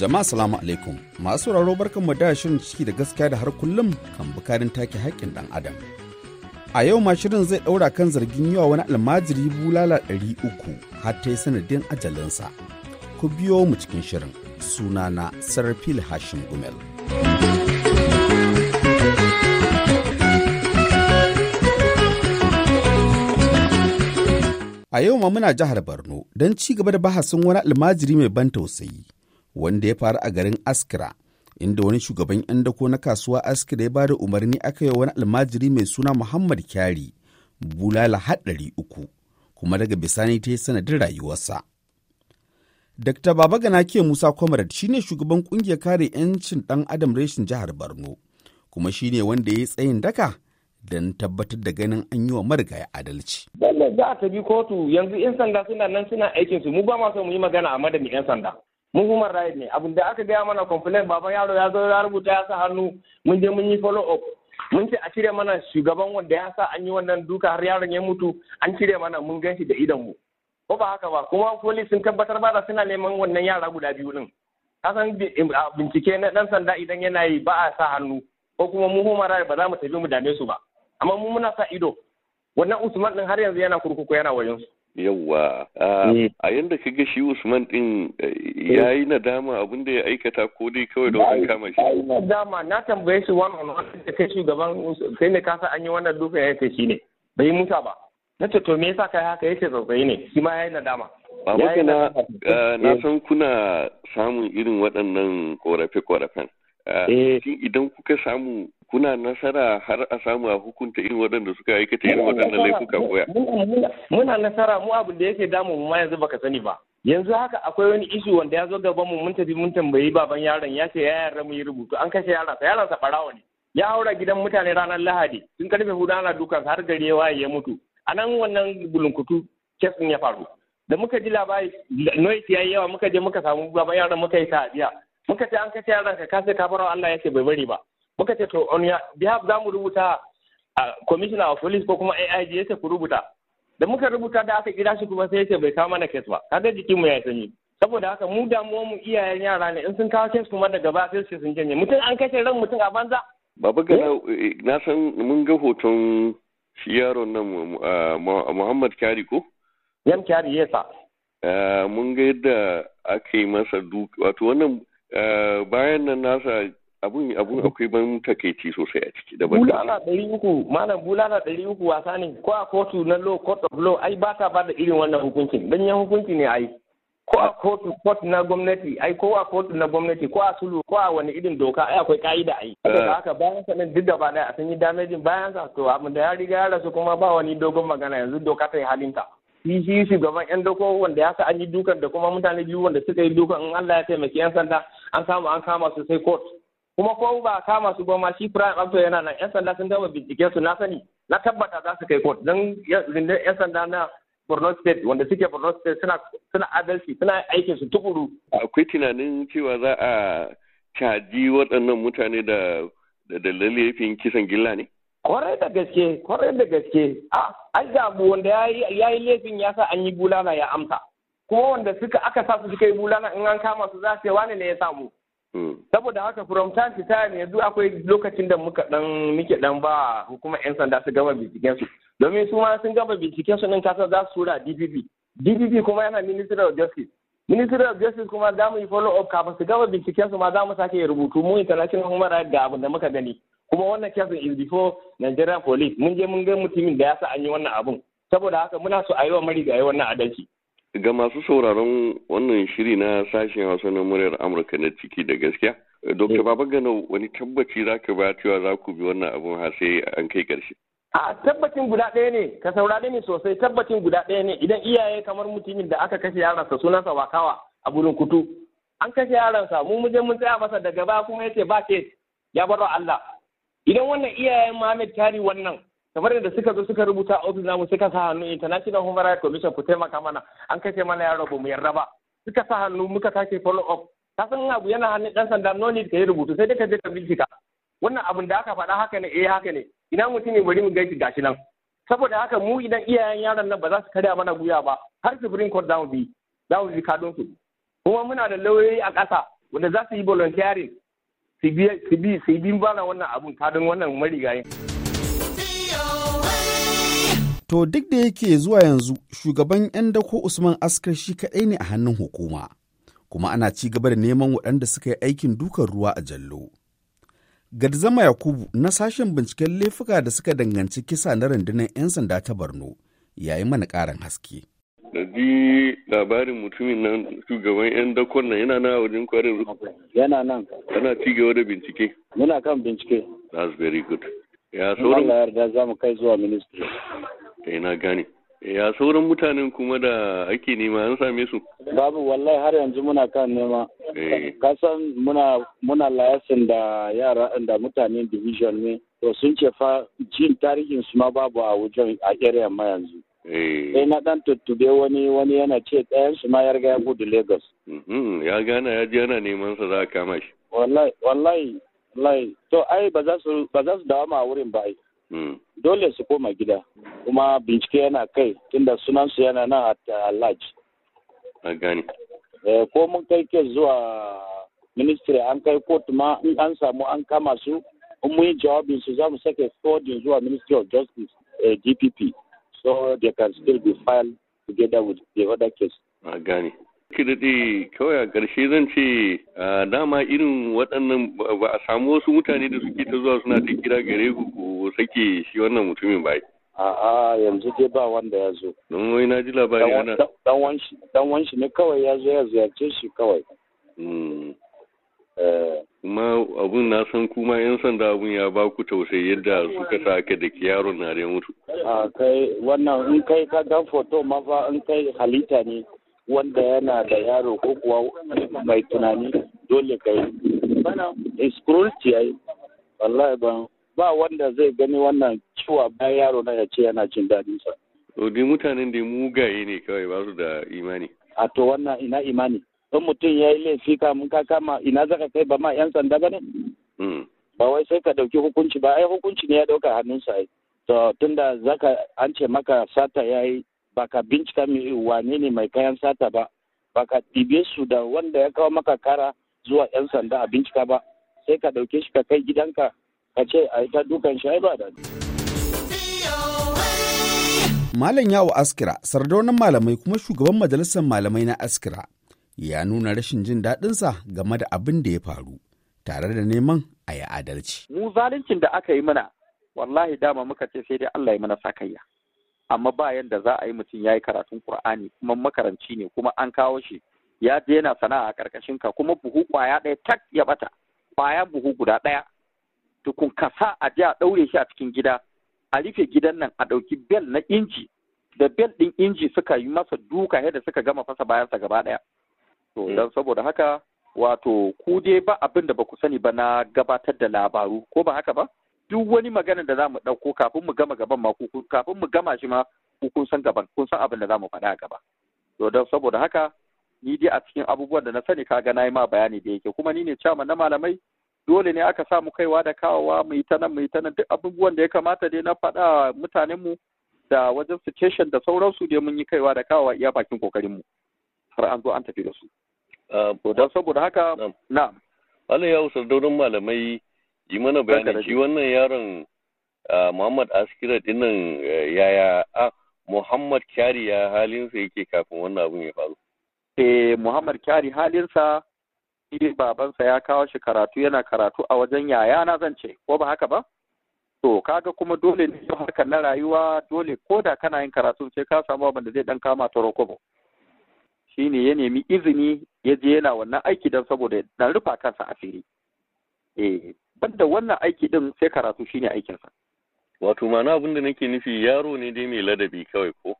jama'a salamu alaikum masu sauraro barkanmu da shirin ciki da gaskiya da har kullum kan bukarin take haƙƙin ɗan adam a yau ma shirin zai ɗaura kan zargin yiwa wani almajiri bulala ɗari uku har ta yi sanadin ajalinsa ku biyo mu cikin shirin sunana sarfil hashim gumel. A yau ma muna jihar Borno don ci gaba da bahasin wani almajiri mai ban tausayi wanda ya faru a garin Askira inda wani shugaban 'yan dako na kasuwa Askira ya bada umarni aka yi wani almajiri mai suna Muhammad Kyari bulala haɗari uku kuma daga bisani ta yi sanadin rayuwarsa. Dr. Baba Ganake Musa shi ne shugaban kungiyar kare 'yancin ɗan Adam reshin jihar Borno kuma shine wanda ya yi tsayin daka don tabbatar da ganin an yi wa marigaya adalci. Wannan za a tabi kotu yanzu 'yan sanda suna nan suna aikin su mu ba ma so mu yi magana a madadin 'yan sanda. Mu human right ne abin da aka gaya mana complain baban yaro ya zo ya rubuta ya sa hannu mun je mun yi follow up. Mun ce a cire mana shugaban wanda ya sa an yi wannan duka har yaron ya mutu an cire mana mun gan shi da idon mu. Ko ba haka ba kuma police sun tabbatar ba da suna neman wannan yara guda biyu din. san bincike na ɗan sanda idan yana yi ba a sa hannu ko kuma mu human right ba za mu tafi mu dame su ba. amma mu muna sa ido wannan usman din har yanzu yana kurkuku yana su. yawwa mm. a yanda ka ga shi usman din eh, ya yi nadama abin da ya aikata ko dai kawai don an kama shi yi nadama na tambaye shi one on one da kai shugaban kai ne kasa an yi wannan dukan ya ce shi ne bai musa ba na ce to me yasa kai haka yace tsautsayi ne shi ma ya yi nadama Baba na eh, na san kuna samun irin waɗannan korafe-korafen. Eh, shin idan kuka samu kuna nasara har a samu a hukunta irin waɗanda suka aikata irin waɗannan laifuka koya. Muna nasara mu abin da yake damu mu ma yanzu baka sani ba. Yanzu haka akwai wani isu wanda ya zo gaban mu mun tafi mun tambayi baban yaron ya ce ya yarda yi rubutu an kashe yaron sa yaron sa barawa ne. Ya haura gidan mutane ranar Lahadi sun karfe hudu ana dukan har gari ya waye ya mutu. A nan wannan bulunkutu kes ya faru. Da muka ji labari noise yayi yawa muka je muka samu baban yaron muka yi ta'adiya. Muka ce an kashe yaron ka kasa ka barawa Allah ya ce bai bari ba. muka ce to on ya behalf za mu rubuta a commissioner of police ko kuma AIG ya ce ku rubuta da muka rubuta da aka kira shi kuma sai ya ce bai kawo mana case ba kaga jikin mu ya sanyi saboda haka mu damuwar mu iyayen yara ne in sun kawo case kuma daga ba sai su sun janye mutum an kashe ran mutum a banza babu ga eh? Eh, na san mun ga hoton shi yaron nan ah, Muhammad Kari ko yam Kyari yasa ah, mun ga yadda aka yi masa duk wato wannan ah, bayan nan nasa abun abun akwai ban takaici sosai a ciki da bulala ɗari uku malam bulala ɗari uku wasa ne ko a kotu na law court of law ai ba ta ba da irin wannan hukuncin yan hukunci ne ai ko a kotu court na gwamnati ai ko a kotu na gwamnati ko a sulu ko a wani irin doka ai akwai ka'ida ai eh. saboda haka bayan sa nan duk da ba a san yi damage bayan sa to abin da ya riga ya rasu kuma ba wani dogon magana yanzu doka ta yi halinta shi shi shugaban yan doko wanda ya sa an yi dukan da kuma mutane biyu wanda suka yi dukan in Allah ya taimaki yan sanda an samu an kama su sai court kuma ko ba kama su ba ma shi ya Abdo yana nan yan sanda sun gama bincike su na sani na tabbata za su kai court don yan sanda na Borno State wanda suke Borno State suna suna adalci suna aikin su tukuru akwai tunanin cewa za a caji waɗannan mutane da da laifin kisan gilla ne kwarai da gaske kwarai da gaske a an damu wanda ya yi laifin ya sa an yi bulala ya amsa kuma wanda suka aka sa su suka yi bulala in an kama su za su wane ne ya samu saboda haka from time to time yanzu akwai lokacin da muka dan muke dan ba hukumar yan sanda su gama binciken su domin su ma sun gama binciken su din za su tura DPP DPP kuma yana Ministry of Justice Ministry of Justice kuma za mu yi follow up kafin su gama binciken su ma za mu sake rubutu mu international human rights ga abin da muka gani kuma wannan kesin is before Nigerian police mun je mun ga mutumin da ya sa an yi wannan abun saboda haka muna so a yi wa marigayi wannan adalci Ga masu sauraron wannan shiri na sashen Hausa na muryar Amurka na ciki da gaskiya. Eh, Dokta eh. Gano wani tabbaci za ka ba cewa za ku bi wannan abun har sai an kai karshe A tabbacin guda ɗaya ne, ka saurare ni sosai tabbacin guda ɗaya ne idan iyaye kamar mutumin da aka kashe yaran sa sunansa wakawa a gurin kutu. An kashe yaransa mu muje mun tsaya masa daga ba kuma yace ba ke ya baro Allah. Idan wannan iyayen Muhammad Tari wannan kamar yadda suka zo suka rubuta a ofis namu suka sa hannu international human rights commission ku taimaka mana an kace mana yaro ba mu yarda ba suka sa hannu muka sake follow up ka san abu yana hannun dan sanda no need ka rubutu sai dai ka je ka bincika wannan abin da aka faɗa haka ne eh haka ne ina mutum ne bari mu gaishe gashi nan saboda haka mu idan iyayen yaron nan ba za su karya mana guya ba har supreme court za mu bi za mu bi kadon su kuma muna da lauyoyi a ƙasa wanda za su yi volunteering su bi su bi wannan abun kadon wannan marigayin. To duk da yake zuwa yanzu shugaban 'yan dako Usman Askar shi kaɗai ne a hannun hukuma, kuma ana ci gaba da neman waɗanda suka yi aikin dukan ruwa a jallo. Gadzama Yakubu na sashen binciken laifuka da suka danganci kisa na rundunar 'yan sanda ta Borno yayi mana ƙarin haske. da ji labarin mutumin nan shugaban yan dakon nan yana nan wajen kwarin yana nan yana ci gaba da bincike muna kan bincike that's very good ya sauran ga yarda za mu kai zuwa ministry eh na gane eh, ya sauran mutanen kuma da ake nema an same su babu wallahi har yanzu muna kan nema eh. kasan muna muna layasin da yara da mutanen division ne to sun ce fa jin tarihin su ma babu a wajen a area ma yanzu eh na dan tuttube wani wani yana ce ɗayan su ma ya riga ya gudu Lagos mm-hmm, ya gana ya ji yana neman sa za a kama shi wallahi wallahi wallahi to ai ba za su ba za su dawo ma wurin ba ai Mm. dole su koma gida kuma bincike yana kai tunda sunansu yana nan a large a gani eh, ko mun kai ke zuwa ministry an kai court ma in an samu an kama su in mun yi jawabin su za mu sake forwarding zuwa ministry of justice eh, dpp so they can still be filed together with the other case a gani ki daɗe kawai a ƙarshe zan ce dama irin waɗannan ba a samu wasu mutane da suke ta zuwa suna ta kira gare ku ko sake shi wannan mutumin ba a'a yanzu dai ba wanda ya zo don wai na ji labari ana dan wanshi ne kawai ya zo ya ziyarce shi kawai hmm. eh. kuma abun na san kuma yan sanda abun ya ba ku tausayi yadda suka sa aka da yaron na da mutu a kai wannan in kai ka ga foto ma fa in kai halitta ne wanda yana da yaro ko kuwa mai tunani dole ka yi is cruelty ai wallahi ba ba wanda zai gani wannan ciwa bayan yaro na ya ce yana jin daɗin sa to mutanen da mugaye ne kawai ba su da imani a to wannan ina imani in mutum ya yi laifi mun ka kama ina zaka kai ba ma yan sanda ba ne hmm. ba wai sai ka ɗauki hukunci ba ai hukunci ne ya ɗauka hannunsa ai to tunda zaka an ce maka sata ya yi baka ka bincika wane ne mai kayan sata ba baka ka ɗibe su da wanda ya kawo maka kara zuwa 'yan sanda a bincika ba sai ka ɗauke shi ka kai gidanka ka ce a ta dukan shi ba da Malam yawo askira sardaunan malamai kuma shugaban majalisar malamai na askira ya nuna rashin jin daɗinsa game da abin da ya faru tare da neman a yi adalci. Mu zaluncin da aka yi mana wallahi dama muka ce sai dai Allah ya mana sakayya. amma ba yanda za a yi mutum ya yi karatun Kur'ani kuma makaranci ne kuma an kawo shi ya je yana sana'a a ƙarƙashin ka kuma buhu kwaya ɗaya tak ya bata ƙwaya buhu guda ɗaya tukun kasa a ji a ɗaure shi a cikin gida a rufe gidan nan a ɗauki bel na inji da bel ɗin inji suka yi masa duka yadda suka gama fasa bayansa gaba ɗaya to hmm. don saboda haka wato ku dai ba abin da ba ku sani ba na gabatar da labaru ko ba haka ba duk wani magana da za mu ɗauko kafin mu gama gaban ma kafin mu gama shi ma kun san gaban kun san abin da za mu faɗa a gaba to don saboda haka ni dai a cikin abubuwan da na sani ka na yi ma bayani da yake kuma ni ne cama na malamai dole ne aka samu kaiwa da kawowa mu yi ta nan mu yi ta nan duk abubuwan da ya kamata dai na faɗa mutanen mu da wajen station da sauransu dai mun yi kaiwa da kawowa iya bakin kokarin mu har an zo an tafi da su uh, to don saboda haka na'am Allah ya usar daurin malamai yi mana bayani shi wannan yaron ah, Muhammad Askira dinnan eh, yaya a ah, Muhammad Kyari ya halinsa yake kafin wannan abun ya faru. Eh Muhammad Kyari halinsa shi babansa ya kawo shi karatu yana karatu a wajen yaya na zan ce ko ba haka ba? To kaga kuma dole ne yau harkar na rayuwa dole ko da kana yin karatu sai ka samu abin da zai dan kama ta rokobo. Shi ne ya nemi izini ya je yana wannan aiki don saboda dan rufa kansa asiri. Eh banda wannan aiki din sai karatu shine aikinsa wato abin da nake nufi yaro ne dai mai ladabi kawai ko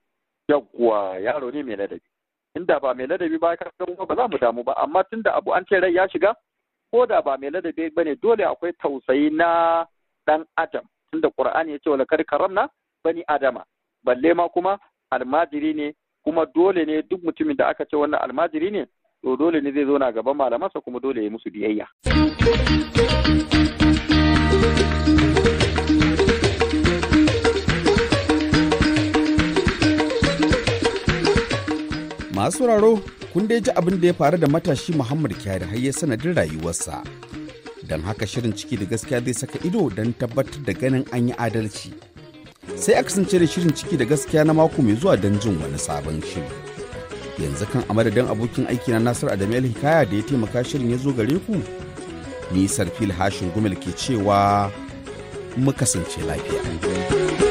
yawwa yaro ne mai ladabi inda ba mai ladabi ba ka ba za mu damu ba amma tunda abu an ce rai ya shiga ko da ba mai ladabi bane dole akwai tausayi na dan adam tunda qur'ani ya ce wala kar karamna bani adama balle ma kuma almajiri ne kuma dole ne duk mutumin da aka ce wannan almajiri ne to dole ne zai zo na gaban malamansa kuma dole ya musu biyayya sauraro kun dai ji abin da ya faru da matashi Muhammad Kyari har ya sanadin rayuwarsa. Don haka shirin ciki da gaskiya zai saka ido don tabbatar da ganin an yi adalci. Sai a kasance da shirin ciki da gaskiya na mako mai zuwa don jin wani sabon shiri. Yanzu kan a madadin abokin aiki na Nasiru Adamu Hikaya da ya taimaka shirin ya zo gare ku. Ni Sarfil Hashin Gumel ke cewa muka kasance lafiya.